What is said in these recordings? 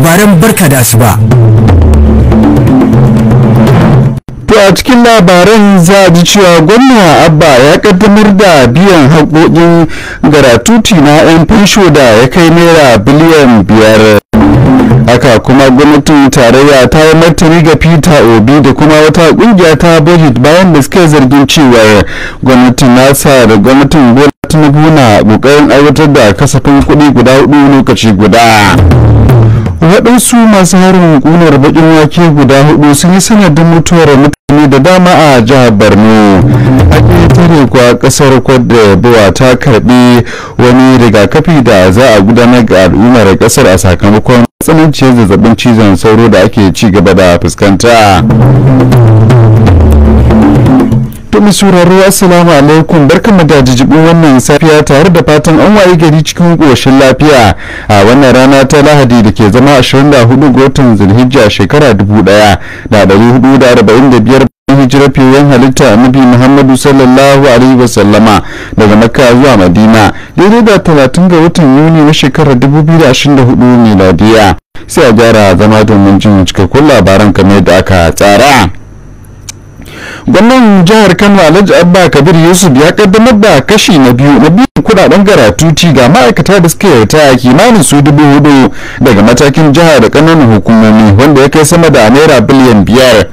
labaran barka da asuba. To a cikin labaran za a ji cewa gwamna Abba ya kaddamar da biyan haƙoƙin garatuti na 'yan fansho da ya kai naira biliyan biyar. haka kuma gwamnatin tarayya ta yi martani ga peter obi da kuma wata kungiya ta budget bayan da suka zargin cewa gwamnatin nasa da gwamnatin bola tinubu na kokarin aiwatar da kasafin kuɗi guda hudu lokaci guda waɗansu masu harin ƙunar baƙin wake guda hudu sun yi sanadin mutuwar mutane da dama a jihar borno a ƙetare kuwa ƙasar buwa ta karɓi wani rigakafi da za a gudanar ga al'ummar ƙasar a sakamakon tsananciyar zazzabin cizon sauro da ake ci gaba da fuskanta To mai sauraro assalamu alaikum mu da jijibin wannan safiya tare da fatan an waye gari cikin ƙoshin lafiya a wannan rana ta Lahadi da ke zama 24 ga watan Zulhijja shekara 1445 hijira, fiyoyin halitta annabi muhammadu sallallahu alaihi wasallama daga makka zuwa madina daidai da 30 ga watan yuni na shekarar 2024 miladiya sai a gyara zama domin jin cikakkun labaran kamar da aka tsara gwamnan jihar kano alhaji abba kabir yusuf ya kaddamar da kashi na biyu na biyan kudaden garatuti ga ma'aikata da suka yarda kimanin su dubu hudu daga matakin jihar da kananan hukumomi wanda ya kai sama da naira biliyan biyar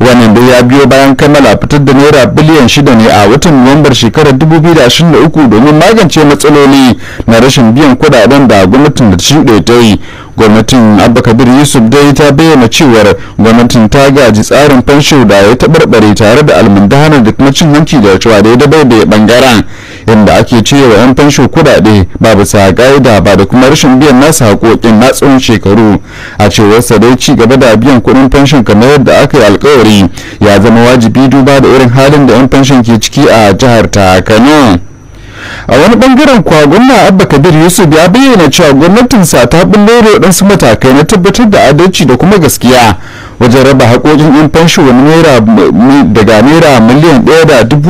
wannan dai ya biyo bayan kammala fitar da naira biliyan shida ne a watan nuwambar shekarar 2023 domin magance matsaloli na rashin biyan kudaden da gwamnatin da shi ta yi gwamnatin abba kabir yusuf dai ta bayyana cewar gwamnatin ta gaji tsarin fansho da ya taɓarɓare tare da almundahanar da kuma cin hanci da cewa da ya dabaibaye ɓangaren inda ake cewa 'yan fansho kuɗaɗe ba bisa ga'ida ba da kuma rashin biyan nasu haƙoƙin na tsawon shekaru a cewar sa dai ci gaba da biyan kuɗin fanshin kamar yadda aka yi alkawari ya zama wajibi duba da irin halin da 'yan fanshon ke ciki a jihar ta kano a wani bangaren kuwa gwamna abba kabir yusuf ya bayyana cewa gwamnatinsa ta bullo da waɗansu matakai na tabbatar da adalci da kuma gaskiya wajen raba haƙoƙin yan fansho wani naira daga naira miliyan ɗaya da dubu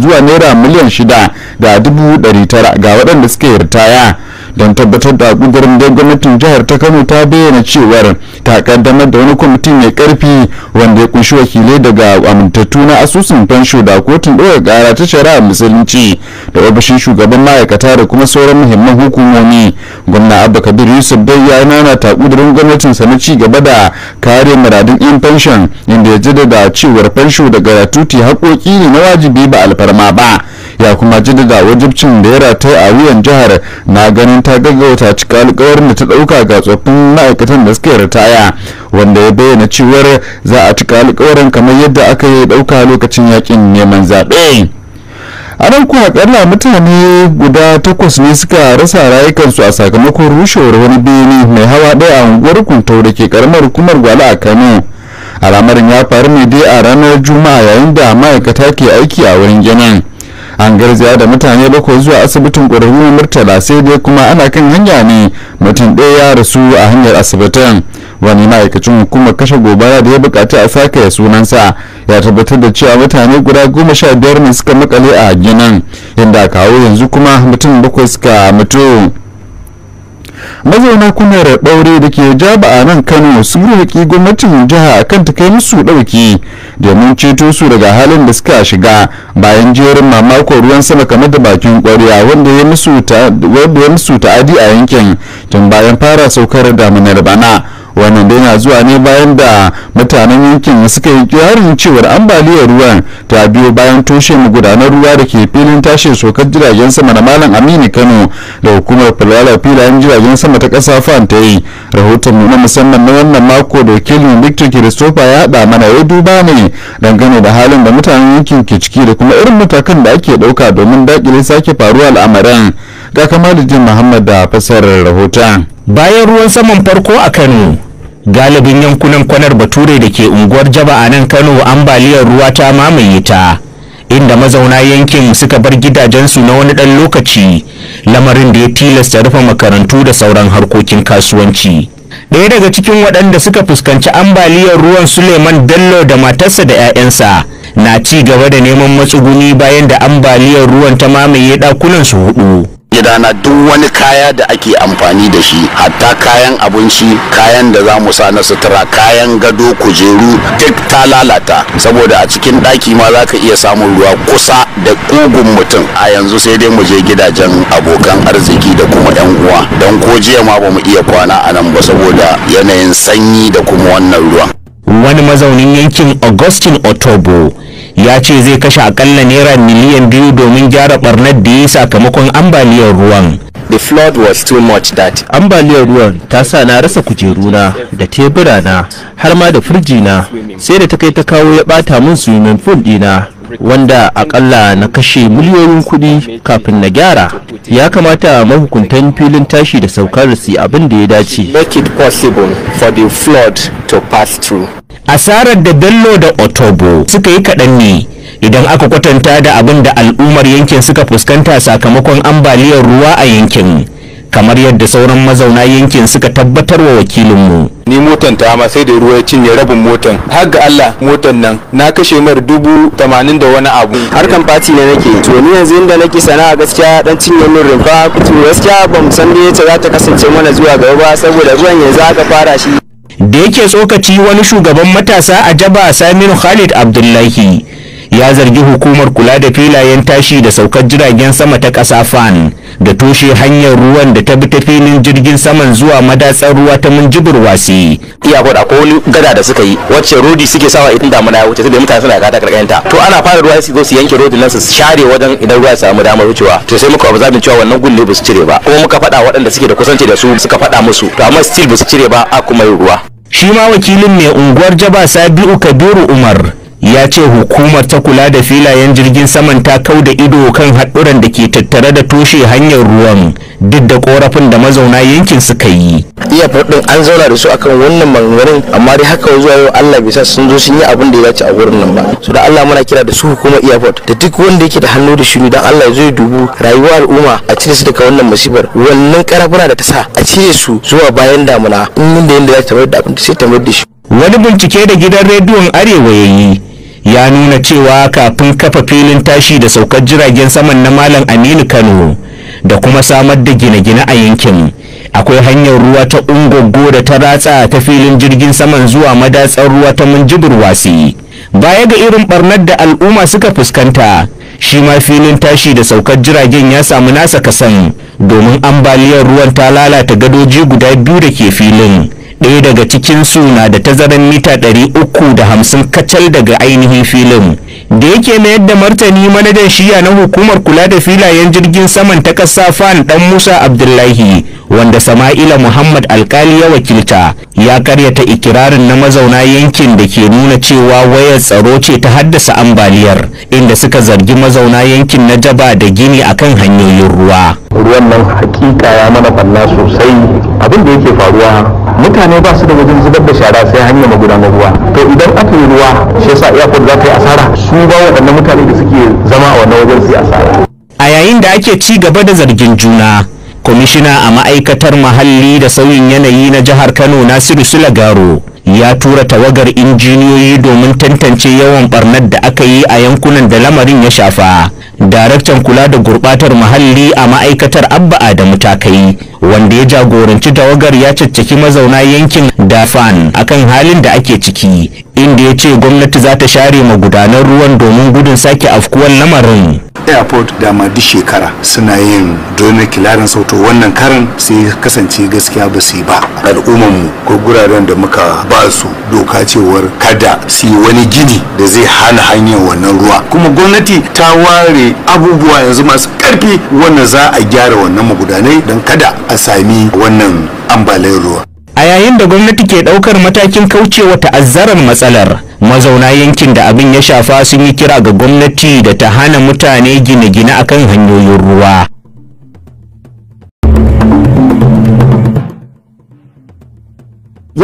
zuwa naira miliyan shida da dubu ɗari tara ga waɗanda suke ritaya don tabbatar da kudurin da gwamnatin jihar ta kano ta bayyana cewar ta kaddamar da wani kwamiti mai karfi wanda ya kunshi wakilai daga amintattu na asusun fansho da kotun ɗora ƙara ta shari'a musulunci da ofishin shugaban ma'aikata da kuma sauran muhimman hukumomi gwamna abba kabir yusuf dai ya nana ta kudurin sa na ci gaba da kare muradun yan fanshon inda ya jaddada cewar fansho da gratuity haƙoƙi ne na wajibi ba alfarma ba ya kuma jaddada wajibcin da ya rata a wuyan jihar na ganin ta gaggauta cika alƙawarin da ta ɗauka ga tsoffin ma'aikatan da suke ritaya wanda ya bayyana cewar za a cika alkawarin kamar yadda aka yi dauka lokacin yakin neman zaɓe. a nan kuwa akalla mutane guda takwas ne suka rasa rayukansu a sakamakon rushewar wani bene mai hawa ɗaya a unguwar kuntau da ke karamar hukumar gwala a kano al'amarin ya faru ne dai a ranar juma'a yayin da ma'aikata ke aiki a wurin ginin an garzaya da mutane bakwai zuwa asibitin ƙwararru murtala sai dai kuma ana kan hanya ne mutum ɗaya ya rasu a hanyar asibitin wani ma'aikacin hukumar kashe gobara da ya bukaci a sake sunansa ya tabbatar da cewa mutane guda goma sha biyar ne suka makale a ginin inda kawo yanzu kuma mutum bakwai suka mutu mazauna kunar ɓaure da ke jaba a nan kano sun roƙi gwamnatin jiha akan ta kai musu ɗauki domin ceto su daga halin da suka shiga bayan jerin mamakon ruwan sama kamar da bakin ƙwarya wanda ya musu ta'adi a yankin tun bayan fara saukar damunar bana wannan dai na zuwa ne bayan da mutanen yankin suka yi kirarin cewar ambaliyar ruwan ta biyo bayan toshe gudanar ruwa da ke filin tashin sokar jiragen sama na malam aminu kano da hukumar fulala filayen jiragen sama ta kasa fan ta yi rahoton mu na musamman na wannan mako da wakilin victor christopher ya haɗa mana ya duba ne dangane da halin da mutanen yankin ke ciki da kuma irin matakan da ake ɗauka domin daƙile sake faruwa al'amarin ga jin muhammad da fasarar rahoton bayan ruwan saman farko a kano galibin yankunan kwanar bature da ke unguwar jaba a nan kano ambaliyar ruwa ta mamaye ta inda mazauna yankin suka bar gidajensu na wani ɗan lokaci lamarin da ya tilasta rufe makarantu da sauran harkokin kasuwanci ɗaya daga cikin waɗanda suka fuskanci ambaliyar ruwan suleiman dallo da matarsa da 'ya'yansa na ci gaba da neman matsuguni bayan da ambaliyar ruwan ta mamaye ɗakunansu hudu gidana duk wani kaya da ake amfani da shi hatta kayan abinci kayan da za mu sa na sutura kayan gado kujeru duk ta lalata saboda a cikin ɗaki ma za ka iya samun ruwa kusa da ƙugun mutum a yanzu sai dai mu je gidajen abokan arziki da kuma 'yan uwa don ko jiya ma ba mu iya kwana a nan ba saboda yanayin sanyi da kuma wannan ruwan wani mazaunin yankin augustine otobo ya ce zai kashe akalla naira miliyan biyu domin gyara barnar da ya sakamakon ambaliyar ruwan the flood was too much that ambaliyar ruwan ta sa na rasa kujeruna da teburana har ma da firjina sai da ta kai ta kawo ya bata min swimming pool dina wanda akalla na kashe miliyoyin kuɗi kafin na gyara ya kamata mahukuntan filin tashi da saukar su abin da ya dace make it possible for the flood to pass through asarar da bello da otobo suka yi kaɗan ne idan aka kwatanta da abin da al'ummar yankin suka fuskanta sakamakon ambaliyar ruwa a yankin kamar yadda sauran mazauna yankin suka tabbatar wa wakilinmu ni motan ta ma sai da ruwa ya cinye rabin motan har ga Allah motan nan na kashe mar dubu tamanin da wani abu harkan fati ne nake to ni yanzu inda nake sana'a gaskiya dan cinye min rumfa kutu gaskiya ba mu san me yace za ta kasance mana zuwa gaba ba saboda ruwan yanzu aka fara shi da yake tsokaci wani shugaban matasa a jaba saminu khalid abdullahi ya zargi hukumar kula da filayen tashi da saukar jiragen sama ta ƙasa fan da toshe hanyar ruwan da ta bi ta filin jirgin saman zuwa madatsar ruwa ta munjibir wasi iyakar akwai wani gada da suka yi wacce rodi suke sawa idan damuna ya wuce sai da mutane suna gata karkarin ta to ana fara ruwa su zo su yanke rodin nan su share wajen idan ruwa ya samu damar wucewa to sai muka observe cewa wannan gulle ba su cire ba kuma muka faɗa waɗanda suke da kusanci da su suka fada musu to amma still ba su cire ba a kuma yi ruwa shi ma wakilin mai unguwar jaba sabiu kabiru umar ya ce hukumar ta kula da filayen jirgin saman ta kau da ido kan haɗuran da ke tattare da toshe hanyar ruwan duk da korafin da mazauna yankin suka yi iya faɗin an zauna da su akan wannan maganganun amma dai haka zuwa yau Allah bisa sun zo sun yi abin da ya dace a wurin nan ba su da Allah muna kira da su hukumar airport da duk wanda yake da hannu da shiru dan Allah ya zo ya dubu rayuwar al'umma a cire su daga wannan masifar wannan karafuna da ta sa a cire su zuwa bayan damuna in da yanda ya tabar da abin sai tabar da shi wani bincike da gidan rediyon arewa ya yi ya nuna cewa kafin kafa filin tashi da saukar jiragen saman na malam aminu kano da kuma samar da gine-gine a yankin akwai hanyar ruwa ta ungogo da ta ratsa ta filin jirgin saman zuwa madatsar ruwa ta minjibir wasi baya ga irin barnar da al'umma suka fuskanta shi ma filin tashi da saukar jiragen ya samu nasa kasan domin ambaliyar ruwan ta lalata gadoji guda biyu da ke filin ɗaya daga cikin su na da tazarar mita ɗari uku da hamsin kacal daga ainihin filin da yake mayar da martani manajan shiya na hukumar kula da filayen jirgin saman ta ƙasa fan ɗan musa abdullahi wanda sama'ila muhammad alkali ya wakilta ya karyata ikirarin na mazauna yankin da ke nuna cewa wayar tsaro ce ta haddasa ambaliyar inda suka zargi mazauna yankin na jaba da gini akan hanyoyin ruwa ruwan nan hakika ya mana banna sosai abin da yake faruwa mutane ba su da wajen zubar da shara sai hanyar magudanar ruwa to idan aka yi ruwa shi yasa airport za ta yi asara su ba waɗannan mutane da suke zama a wannan wajen su yi asara a yayin da ake ci gaba da zargin juna kwamishina a ma'aikatar muhalli da sauyin yanayi na jihar kano nasiru sulagaro ya tura tawagar injiniyoyi domin tantance yawan barnar da aka yi a yankunan da lamarin ya shafa daraktan kula da gurbatar muhalli a ma'aikatar abba adamu kai wanda ya jagoranci tawagar ya caccaki mazauna yankin dafan akan halin da ake ciki inda ya ce gwamnati za ta share magudanar ruwan domin gudun sake afkuwar lamarin airport da duk shekara suna yin donor kilarin sauto wannan karan sai kasance gaskiya ba su ba mu ko guraren da muka ba. ba su doka cewar kada su yi wani gini da zai hana hanyar wannan ruwa kuma gwamnati ta ware abubuwa yanzu masu karfi wanda za a gyara wannan magudanai don kada a sami wannan ambalin ruwa a yayin da gwamnati ke daukar matakin kaucewa ta'azzarar matsalar mazauna yankin da abin ya shafa sun yi kira ga gwamnati da ta hana mutane gine-gine akan hanyoyin ruwa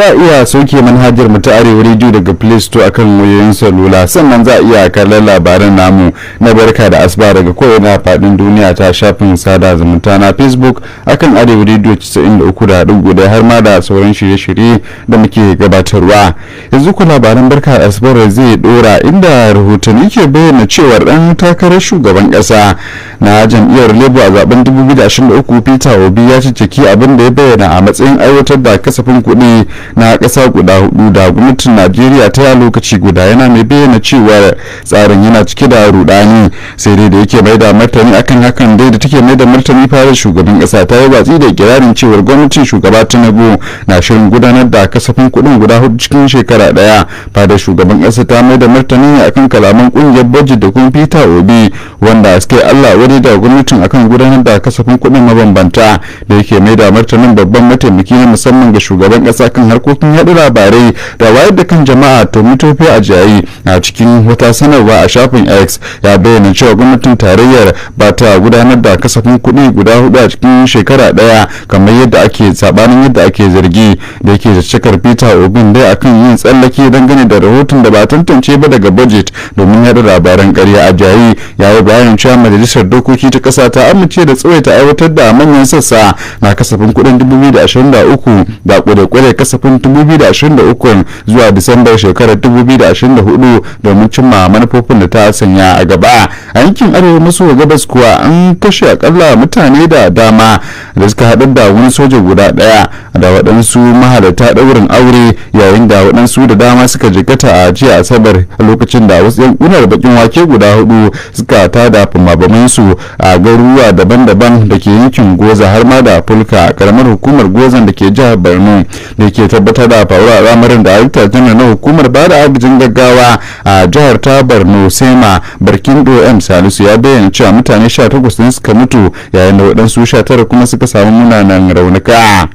za a iya soke manhajar mu ta arewa rediyo daga play store akan wayoyin salula sannan za a iya kallon labaran namu na barka da asuba daga kowane fadin duniya ta shafin sada zumunta na facebook akan arewa rediyo 93.1 har ma da sauran shirye-shirye da muke gabatarwa yanzu ku labaran barka da asuba zai dora inda rahotanni ke bayyana cewa dan takarar shugaban kasa na jam'iyyar labour a zaben 2023 peter obi ya ciki abin da ya bayyana a matsayin aiwatar da kasafin kuɗi na ƙasa guda hudu da gwamnatin najeriya ta yi lokaci guda yana mai bayyana cewa tsarin yana cike da rudani sai dai da yake mai da martani akan hakan dai da take mai da martani fara shugaban ƙasa ta yi watsi da kirarin cewa gwamnatin shugaba tinubu na shirin gudanar da kasafin kuɗin guda hudu cikin shekara ɗaya da shugaban ƙasa ta mai da martani akan kalaman ƙungiyar bajet da kuma peter obi wanda suke allah wani da gwamnatin akan gudanar da kasafin kuɗin mabambanta da yake mai da martanin babban mataimaki na musamman ga shugaban ƙasa kan har harkokin yaɗa labarai da wayar da kan jama'a to mitofi a jayi a cikin wata sanarwa a shafin x ya bayyana cewa gwamnatin tarayyar ba ta gudanar da kasafin kuɗi guda hudu a cikin shekara ɗaya kamar yadda ake sabanin yadda ake zargi da yake zaccekar peter obin dai kan yin tsallake dangane da rahoton da ba tantance ba daga budget domin yaɗa labaran karya a jayi ya yi bayan cewa majalisar dokoki ta ƙasa ta amince da tsawaita aiwatar da manyan sassa na kasafin kuɗin 2023 da ƙure-ƙure kasafin tun 2023 zuwa disambar shekarar 2024 domin cimma manufofin da ta sanya a gaba a yankin arewa maso gabas kuwa an kashe akalla mutane da dama da suka haɗar da wani soja guda ɗaya da waɗansu mahalarta ɗaurin aure yayin da waɗansu da dama suka jikata a jiya asabar lokacin da wasu unar bakin wake guda hudu suka tada fumabamin su a garuruwa daban-daban da ke yankin goza har ma da fulka karamar hukumar gozan da ke jihar borno da ke tabbatar da faruwa al'amarin da ayyuka jinar na hukumar ba da agajin gaggawa a jihar ta borno sema barkindo m salisu ya bayyana cewa mutane 18 ne suka mutu yayin da waɗansu 19 kuma suka samu munanan raunuka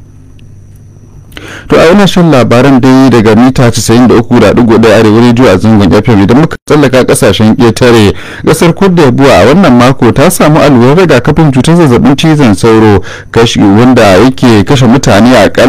to a wani shan labaran dai daga mita 93.1 arewa rediyo a zangon fm idan muka tsallaka kasashen ƙetare ƙasar kurda buwa a wannan mako ta samu daga kafin cutar zazzabin cizon sauro kashi wanda yake kashe mutane a